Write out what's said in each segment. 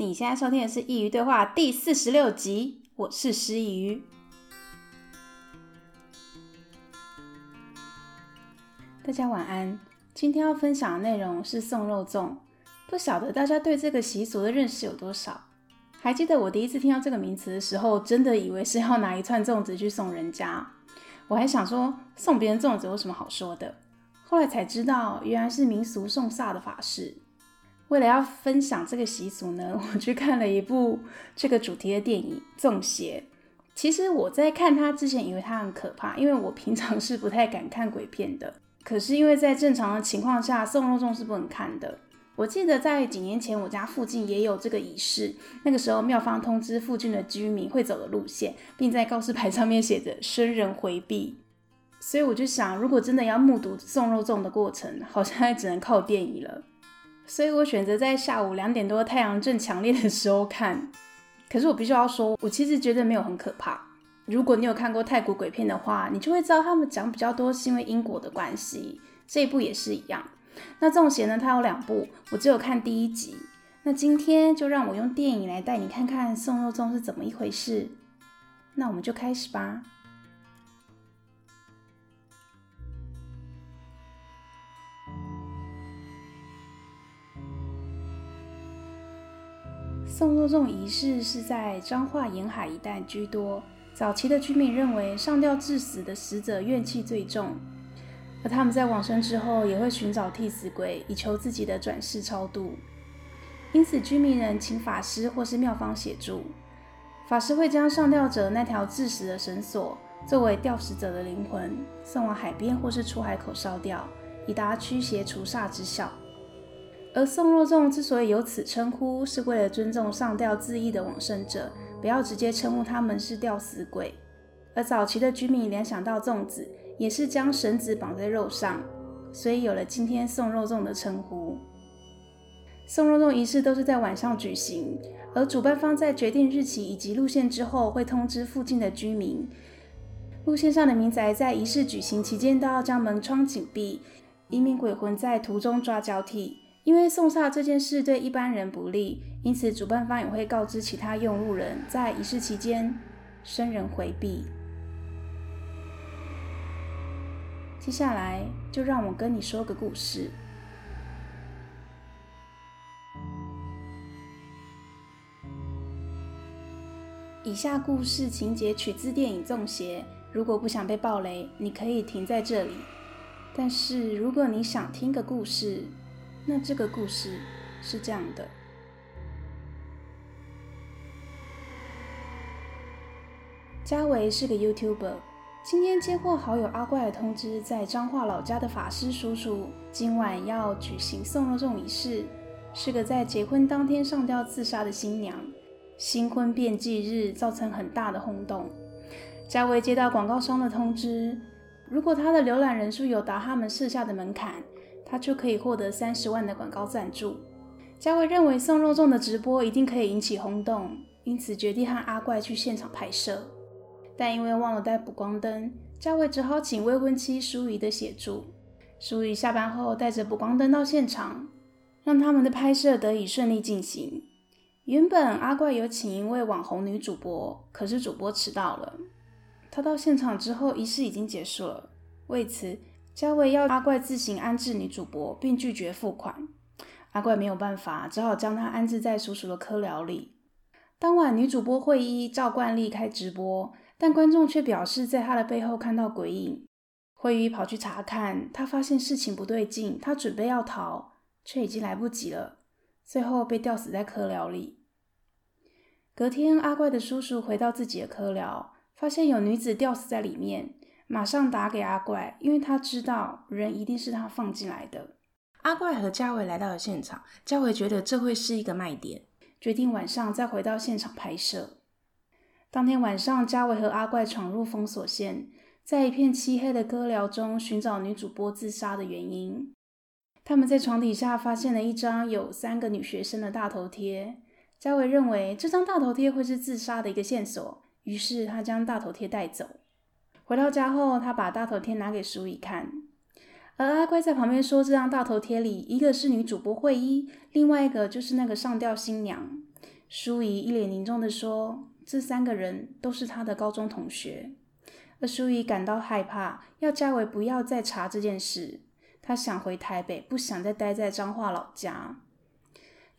你現在收聽的是《佾萮對話》第四十六集，我是師佾萮。大家晚安。今天要分享的內容是送肉粽，不曉得大家對這個習俗的認識有多少？還記得我第一次聽到這個名詞的時候，真的以為是要拿一串粽子去送人家，我還想說，送別人粽子有什麼好說的？後來才知道，原來是民俗送煞的法事。為了要分享這個習俗呢，我去看了一部這個主題的電影《粽邪》。其實我在看它之前，以為它很可怕，因為我平常是不太敢看鬼片的。可是因為，在正常的情況下，送肉粽是不能看的。我記得在幾年前，我家附近也有這個儀式。那個時候，廟方通知附近的居民會走的路線，並在告示牌上面寫着“生人回避”。所以我就想，如果真的要目睹送肉粽的過程，好像還只能靠電影了。所以我選擇在下午兩點多太陽正強烈的時候看，可是我必須要說，我其實覺得沒有很可怕。如果你有看過泰國鬼片的話，你就會知道他們講比較多是因為因果的關係，這一部也是一樣。那粽邪呢，它有兩部，我只有看第一集。那今天就讓我用電影來帶你看看送肉粽是怎麼一回事。那我們就開始吧。送肉粽這種儀式是在彰化沿海一帶居多。早期的居民認為，上吊致死的死者怨氣最重，而他們在往生之後也會尋找替死鬼，以求自己的轉世超度。因此，居民人請法師或是廟方協助，法師會將上吊者那條致死的繩索作為吊死者的靈魂送往海邊或是出海口燒掉，以達驅邪除煞之效。而送肉粽之所以有此稱呼，是為了尊重上吊自縊的往生者，不要直接稱呼他們是吊死鬼。而早期的居民聯想到粽子，也是將繩子綁在肉上，所以有了今天送肉粽的稱呼。送肉粽儀式都是在晚上舉行，而主辦方在決定日期以及路線之後，會通知附近的居民。路線上的民宅在儀式舉行期間都要將門窗緊閉，以免鬼魂在途中抓交替。因為送煞這件事對一般人不利，因此主辦方也會告知其他用路人，在儀式期間，生人回避。接下來就讓我跟你說個故事。以下故事情節取自電影《粽邪》，如果不想被暴雷，你可以停在這裡。但是如果你想聽個故事，那這個故事是這樣的：嘉維是個 YouTuber，今天接獲好友阿怪的通知，在彰化老家的法師叔叔今晚要舉行送肉粽儀式，是個在結婚當天上吊自殺的新娘，新婚變忌日造成很大的轟動。嘉維接到廣告商的通知，如果他的瀏覽人數有達他們設下的門檻。他就可以獲得三十萬的廣告贊助。嘉偉認為送肉粽的直播一定可以引起轟動，因此決定和阿怪去現場拍攝。但因為忘了帶補光燈，嘉偉只好請未婚妻淑儀的協助。淑儀下班後帶着補光燈到現場，讓他們的拍攝得以順利進行。原本阿怪有請一位網紅女主播，可是主播遲到了。她到現場之後，儀式已經結束了。為此，嘉偉要阿怪自行安置女主播，並拒絕付款。阿怪沒有辦法，只好將她安置在叔叔的蚵寮裡。當晚，女主播惠一照慣例開直播，但觀眾卻表示在她的背後看到鬼影。惠一跑去查看，她發現事情不對勁，她準備要逃，卻已經來不及了，最後被吊死在蚵寮裡。隔天，阿怪的叔叔回到自己的蚵寮，發現有女子吊死在裡面。馬上打給阿怪，因為他知道人一定是他放進來的。阿怪和佳維來到了現場，佳維覺得這會是一個賣點，決定晚上再回到現場拍攝。當天晚上，嘉維和阿怪闖入封鎖線，在一片漆黑的閣樓中尋找女主播自殺的原因。他們在床底下發現了一張有三個女學生的大頭貼，嘉維認為這張大頭貼會是自殺的一個線索，於是他將大頭貼帶走。回到家後，他把大頭貼拿給淑儀看，而阿乖在旁邊說：“這張大頭貼裡，一個是女主播惠一，另外一個就是那個上吊新娘。”淑儀一臉凝重的說：“這三個人都是他的高中同學。”而淑儀感到害怕，要嘉偉不要再查這件事。他想回台北，不想再待在彰化老家。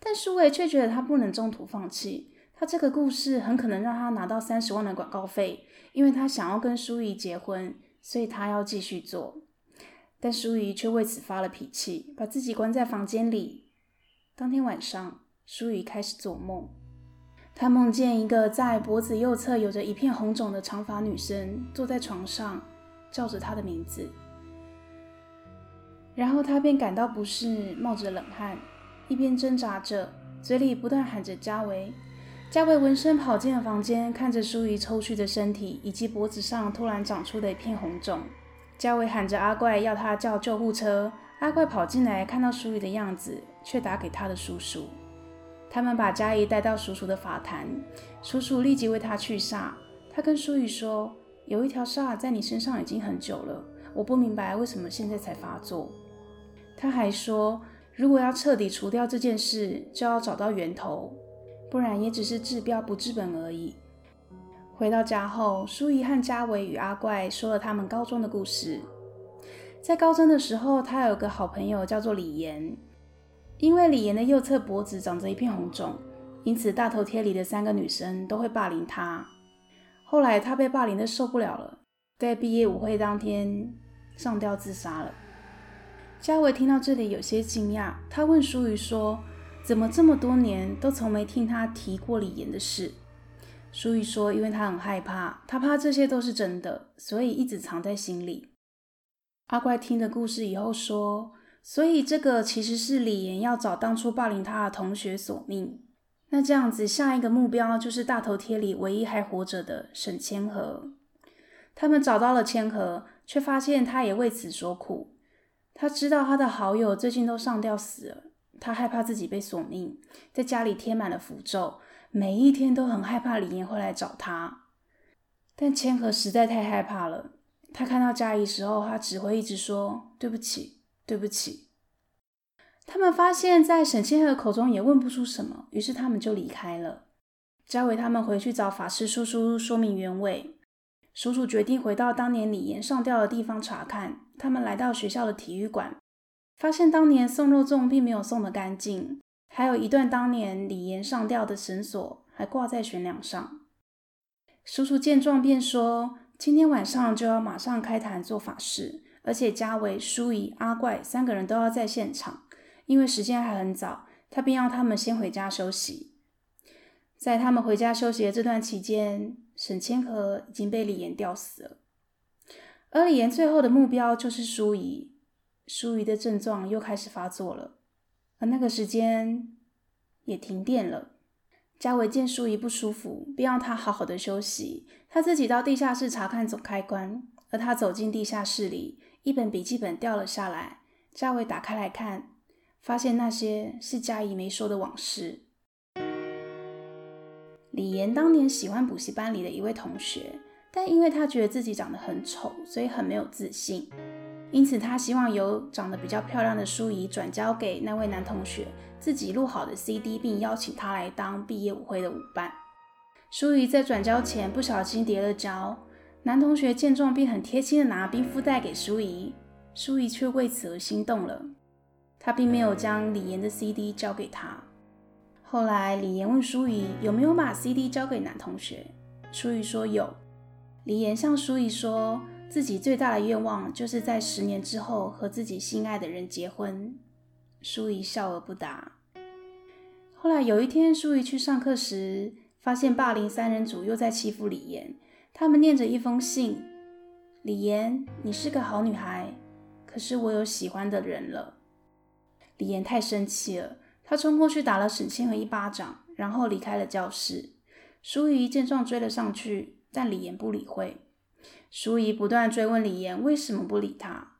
但淑偉卻覺得他不能中途放棄。他這個故事很可能讓他拿到三十萬的廣告費，因為他想要跟舒怡結婚，所以他要繼續做。但舒怡卻為此發了脾氣，把自己關在房間裡。當天晚上，舒怡開始做夢，他夢見一個在脖子右側有着一片紅腫的長髮女生坐在床上，叫着他的名字。然後他便感到不適，冒着冷汗，一邊掙扎着，嘴裡不斷喊着“嘉威”。嘉偉聞聲跑進了房間，看着淑儀抽搐的身體以及脖子上突然長出的一片紅腫。嘉偉喊着阿怪，要他叫救護車。阿怪跑進來，看到淑儀的樣子，卻打給他的叔叔。他們把嘉儀帶到叔叔的法壇，叔叔立即為他去煞。他跟淑儀說：“有一條煞在你身上已經很久了，我不明白為什麼現在才發作。”他還說：“如果要徹底除掉這件事，就要找到源頭。”不然也只是治標不治本而已。回到家後，淑怡和家維與阿怪說了他們高中的故事。在高中的時候，他有個好朋友叫做李岩，因為李岩的右側脖子長着一片紅腫，因此大頭貼裡的三個女生都會霸凌他。後來他被霸凌得受不了了，在畢業舞會當天上吊自殺了。家維聽到這裡有些驚訝，他問淑怡說，怎麼這麼多年都從沒聽他提過李岩的事？所以說，因為他很害怕，他怕這些都是真的，所以一直藏在心裡。阿怪聽的故事以後說，所以這個其實是李岩要找當初霸凌他的同學索命。那這樣子，下一個目標就是大頭貼裡唯一還活着的沈謙和。他們找到了謙和，卻發現他也為此所苦。他知道他的好友最近都上吊死了。他害怕自己被索命，在家裡貼滿了符咒，每一天都很害怕李岩會來找他。但千和實在太害怕了，他看到佳怡時候，他只會一直說對不起，對不起。他們發現，在沈千和口中也問不出什麼，於是他們就離開了。佳偉他們回去找法師叔叔說明原委，叔叔決定回到當年李岩上吊的地方查看。他們來到學校的體育館。發現當年送肉粽並沒有送得乾淨，還有一段當年李岩上吊的繩索還掛在懸梁上。叔叔見狀便說：“今天晚上就要馬上開壇做法事，而且家偉、淑姨、阿怪三個人都要在現場，因為時間還很早，他便要他們先回家休息。”在他們回家休息的這段期間，沈千和已經被李岩吊死了，而李岩最後的目標就是淑姨。淑儀的症狀又開始發作了，而那個時間也停電了。嘉偉見淑儀不舒服，便讓她好好的休息。他自己到地下室查看總開關，而他走進地下室裡，一本筆記本掉了下來。嘉偉打開來看，發現那些是嘉儀沒說的往事。李岩當年喜歡補習班裡的一位同學，但因為他覺得自己長得很醜，所以很沒有自信。因此，他希望由長得比較漂亮的淑怡轉交給那位男同學自己錄好的 CD，並邀請他來當畢業舞會的舞伴。淑怡在轉交前不小心跌了跤，男同學見狀便很貼心的拿冰敷袋給淑怡，淑怡卻為此而心動了。他並沒有將李岩的 CD 交給他。後來李妍，李岩問淑怡有沒有把 CD 交給男同學，淑怡說有。李岩向淑怡說。自己最大的願望就是在十年之後和自己心愛的人結婚。淑儀笑而不答。後來有一天，淑儀去上課時，發現霸凌三人組又在欺負李妍。他們念着一封信：“李妍，你是個好女孩，可是我有喜歡的人了。”李妍太生氣了，她衝過去打了沈清和一巴掌，然後離開了教室。淑儀見狀追了上去，但李妍不理會。淑儀不斷追問李岩為什麼不理他，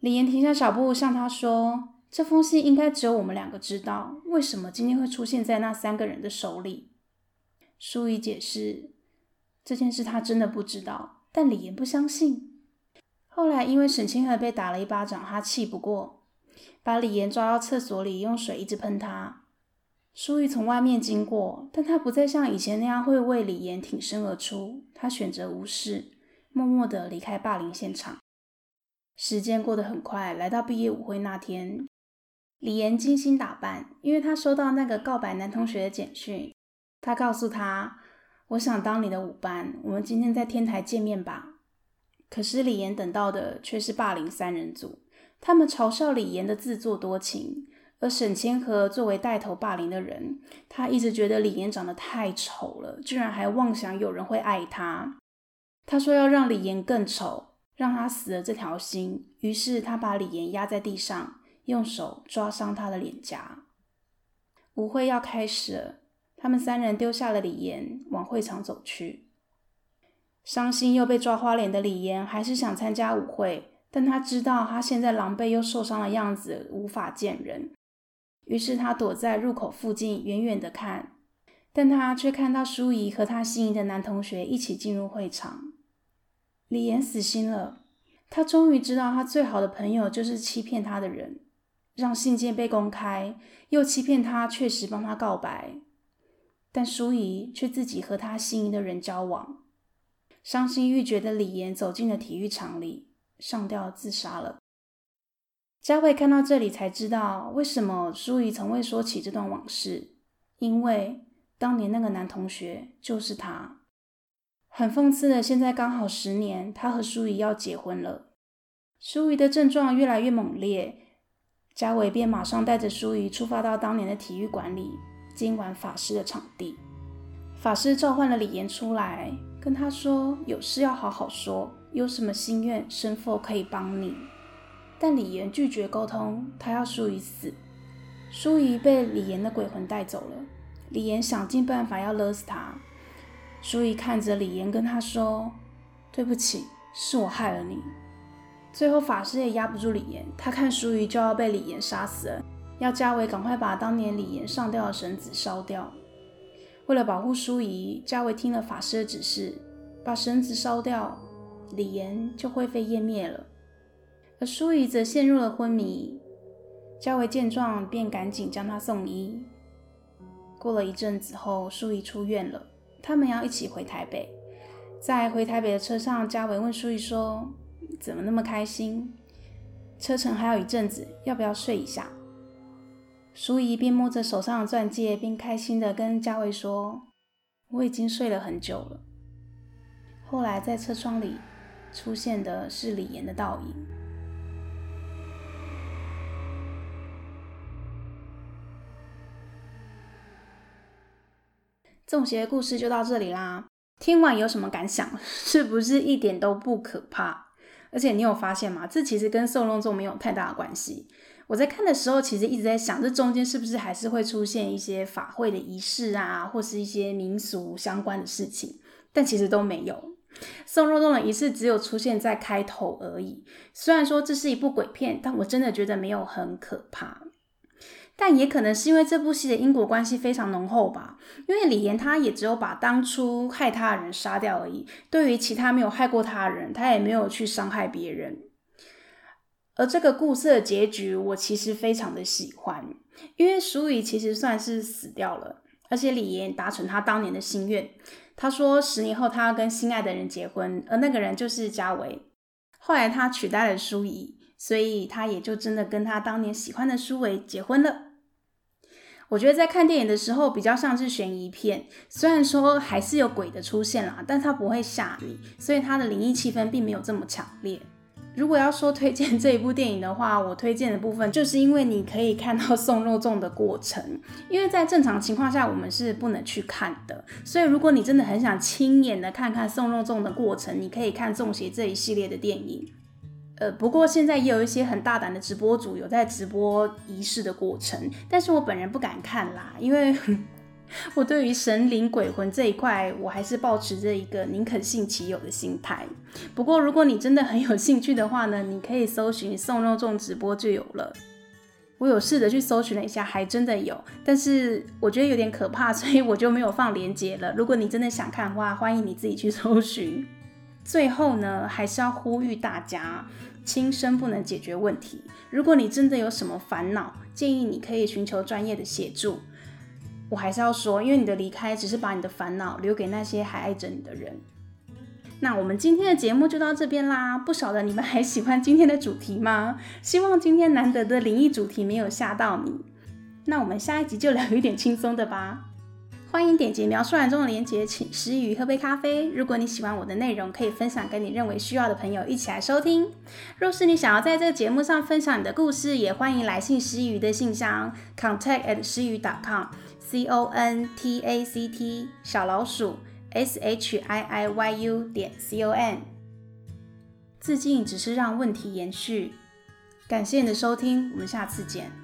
李岩停下腳步向他說：“這封信應該只有我們兩個知道，為什麼今天會出現在那三個人的手裡？”淑儀解釋：“這件事他真的不知道。”但李岩不相信。後來因為沈清河被打了一巴掌，他氣不過，把李岩抓到廁所裡用水一直噴他。淑儀從外面經過，但他不再像以前那樣會為李岩挺身而出，他選擇無視。默默的離開霸凌現場。時間過得很快，來到畢業舞會那天，李岩精心打扮，因為他收到那個告白男同學的簡訊，他告訴他：“我想當你的舞伴，我們今天在天台見面吧。”可是李岩等到的卻是霸凌三人組，他們嘲笑李岩的自作多情，而沈謙和作為帶頭霸凌的人，他一直覺得李岩長得太醜了，居然還妄想有人會愛他。他說要讓李岩更醜，讓他死了這條心。於是他把李岩壓在地上，用手抓傷他的臉頰。舞會要開始了，他們三人丟下了李岩，往會場走去。傷心又被抓花臉的李岩還是想參加舞會，但他知道他現在狼狽又受傷的樣子無法見人，於是他躲在入口附近遠遠的看，但他卻看到淑儀和他心儀的男同學一起進入會場。李岩死心了，他終於知道他最好的朋友就是欺騙他的人，讓信件被公開，又欺騙他確實幫他告白，但淑儀卻自己和他心儀的人交往，傷心欲絕的李岩走進了體育場裡，上吊自殺了。佳慧看到這裡才知道為什麼淑儀從未說起這段往事，因為當年那個男同學就是他。很諷刺的，現在剛好十年，他和淑儀要結婚了。淑儀的症狀越來越猛烈，嘉偉便馬上帶着淑儀出發到當年的體育館裡，監管法師的場地。法師召喚了李岩出來，跟他說有事要好好說，有什麼心願，神佛可以幫你。但李岩拒絕溝通，他要淑儀死。淑儀被李岩的鬼魂帶走了，李岩想盡辦法要勒死她。淑儀看着李岩，跟他說：“對不起，是我害了你。”最後法師也壓不住李岩，他看淑儀就要被李岩殺死了，要佳偉趕快把當年李岩上吊的繩子燒掉。為了保護淑儀，佳偉聽了法師的指示，把繩子燒掉，李岩就灰飛煙滅了。而淑儀則陷入了昏迷。佳偉見狀便趕緊將她送醫。過了一陣子後，淑儀出院了。他們要一起回台北，在回台北的車上，嘉維問淑儀說：“怎麼那麼開心？車程還有一陣子，要不要睡一下？”淑儀邊摸着手上的鑽戒，邊開心的跟嘉維說：“我已經睡了很久了。”後來在車窗裡出現的是李岩的倒影。粽邪的故事就到這裡啦。聽完有什麼感想？是不是一點都不可怕？而且你有發現嗎？這其實跟送肉粽沒有太大的關係。我在看的時候，其實一直在想，這中間是不是還是會出現一些法會的儀式啊，或是一些民俗相關的事情？但其實都沒有。送肉粽的儀式只有出現在開頭而已。雖然說這是一部鬼片，但我真的覺得沒有很可怕。但也可能是因為這部戲的因果關係非常濃厚吧，因為李岩他也只有把當初害他的人殺掉而已，對於其他沒有害過他的人，他也沒有去傷害別人。而這個故事的結局，我其實非常的喜歡，因為蘇雨其實算是死掉了，而且李岩達成他當年的心願，他說十年後他要跟心愛的人結婚，而那個人就是嘉維。後來他取代了蘇雨，所以他也就真的跟他當年喜歡的蘇維結婚了。我覺得在看電影的時候比較像是懸疑片，雖然說還是有鬼的出現啦，但它不會嚇你，所以它的靈異氣氛並沒有這麼強烈。如果要說推薦這一部電影的話，我推薦的部分就是因為你可以看到送肉粽的過程，因為在正常情況下我們是不能去看的。所以如果你真的很想親眼的看看送肉粽的過程，你可以看《粽邪》這一系列的電影。呃，不過現在也有一些很大膽的直播主有在直播儀式的過程，但是我本人不敢看啦，因為我對於神靈鬼魂這一塊，我還是抱持着一個寧可信其有的心態。不過如果你真的很有興趣的話呢，你可以搜尋送肉粽直播就有了。我有試着去搜尋了一下，還真的有，但是我覺得有點可怕，所以我就沒有放鏈接了。如果你真的想看的話，歡迎你自己去搜尋。最後呢，還是要呼籲大家，輕生不能解決問題。如果你真的有什麼煩惱，建議你可以尋求專業的協助。我還是要說，因為你的離開，只是把你的煩惱留給那些還愛着你的人。那我們今天的節目就到這邊啦。不曉得你們還喜歡今天的主題嗎？希望今天難得的靈異主題沒有嚇到你。那我們下一集就聊一點輕鬆的吧。歡迎點擊描述欄中的鏈接，請師佾萮喝杯咖啡。如果你喜歡我的內容，可以分享跟你認為需要的朋友一起來收聽。若是你想要在這個節目上分享你的故事，也歡迎來信師佾萮的信箱 contact@ and 師佾萮點 com。contact .com, C -O -N -T -A -C -T, 小老鼠 s h i i y u 點 com。致敬只是讓問題延續。感謝你的收聽，我們下次見。